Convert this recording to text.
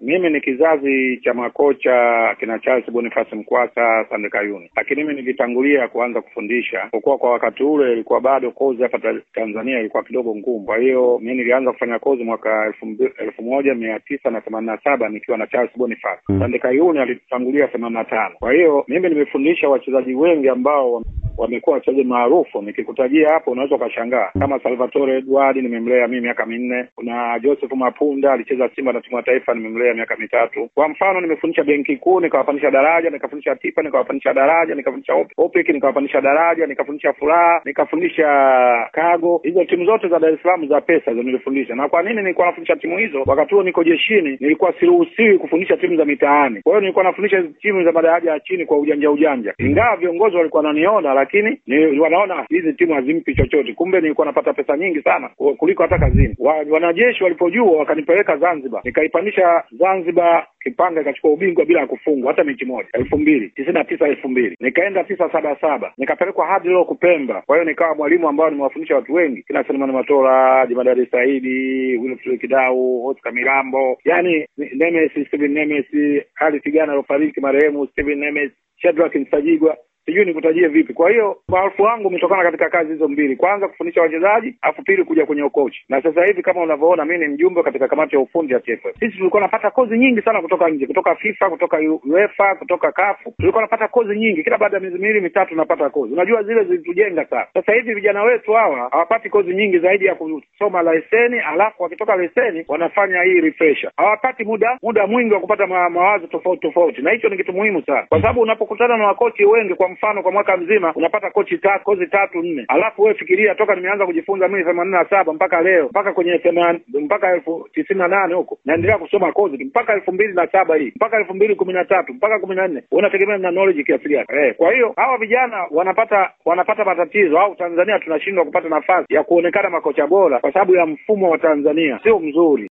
mimi ni kizazi cha makocha kina Charles Boniface Mkwasa, Sande Kayuni, lakini mimi nilitangulia kuanza kufundisha kwa kwa wakati ule ilikuwa bado kozi hapa Tanzania ilikuwa kidogo ngumu. Kwa hiyo mimi nilianza kufanya kozi mwaka elfu, elfu moja mia tisa na themanini na saba nikiwa na Charles Boniface. Mm. Sande Kayuni alitangulia themanini na tano. Kwa hiyo mimi nimefundisha wachezaji wengi ambao wamekuwa wachezaji maarufu. Nikikutajia hapo unaweza ukashangaa, kama Salvatore Edward nimemlea mimi miaka minne. Kuna Joseph Mapunda alicheza Simba na timu ya taifa, nimemlea miaka mitatu. Kwa mfano, nimefundisha benki kuu, nikawapandisha daraja, nikafundisha Tipa, nikawapandisha daraja, nikafundisha opic nikawapandisha daraja, nikafundisha Furaha, nikafundisha Kago. Hizo timu zote za Dar es Salaam za pesa hizo nilifundisha. Na kwa nini nilikuwa nafundisha timu hizo? Wakati huo niko jeshini, nilikuwa siruhusiwi kufundisha timu za mitaani, kwa hiyo nilikuwa nafundisha timu za madaraja ya chini kwa ujanja ujanja, ingawa viongozi walikuwa wananiona lakini ni wanaona hizi timu hazimpi chochote, kumbe nilikuwa napata pesa nyingi sana kuliko hata kazini. Wa, wanajeshi walipojua wakanipeleka Zanzibar, nikaipandisha Zanzibar Kipanga ikachukua ubingwa bila ya kufungwa hata mechi moja, elfu mbili tisini na tisa elfu mbili nikaenda tisa saba saba nikapelekwa hadi leo kupemba. Kwa hiyo nikawa mwalimu ambao nimewafundisha watu wengi kina Selemani Matola, jimadari Saidi, Wilfred Kidau, Oscar mirambo yani Nemes, Steven Nemes, Ali Tigana aliofariki marehemu Steven Nemes, Shadrack Nsajigwa, sijui nikutajie vipi. Kwa hiyo maarufu wangu umetokana katika kazi hizo mbili, kwanza kufundisha wachezaji, alafu pili kuja kwenye ukochi. Na sasa hivi kama unavyoona, mi ni mjumbe katika kamati ya ufundi ya TFF. Sisi tulikuwa napata kozi nyingi sana kutoka nje, kutoka FIFA, kutoka UEFA, kutoka kafu, tulikuwa napata kozi nyingi. Kila baada ya miezi miwili mitatu napata kozi, unajua zile zilitujenga sana. Sasa hivi vijana wetu hawa hawapati kozi nyingi zaidi ya kusoma leseni, alafu wakitoka leseni wanafanya hii refresher. Hawapati muda muda mwingi wa kupata ma, mawazo tofauti tofauti, na hicho ni kitu muhimu sana, kwa sababu unapokutana na wakochi wengi kwa mfano kwa mwaka mzima unapata kochi ta, kozi tatu nne, alafu wewe fikiria, toka nimeanza kujifunza mimi themanini na saba mpaka leo mpaka kwenye mpaka elfu tisini na nane huko naendelea kusoma kozi mpaka elfu mbili na saba hii mpaka elfu mbili kumi na tatu mpaka kumi na nne unategemea na knowledge kiasi gani eh? Kwa hiyo hawa vijana wanapata wanapata matatizo, au Tanzania tunashindwa kupata nafasi ya kuonekana makocha bora kwa sababu ya mfumo wa Tanzania sio mzuri.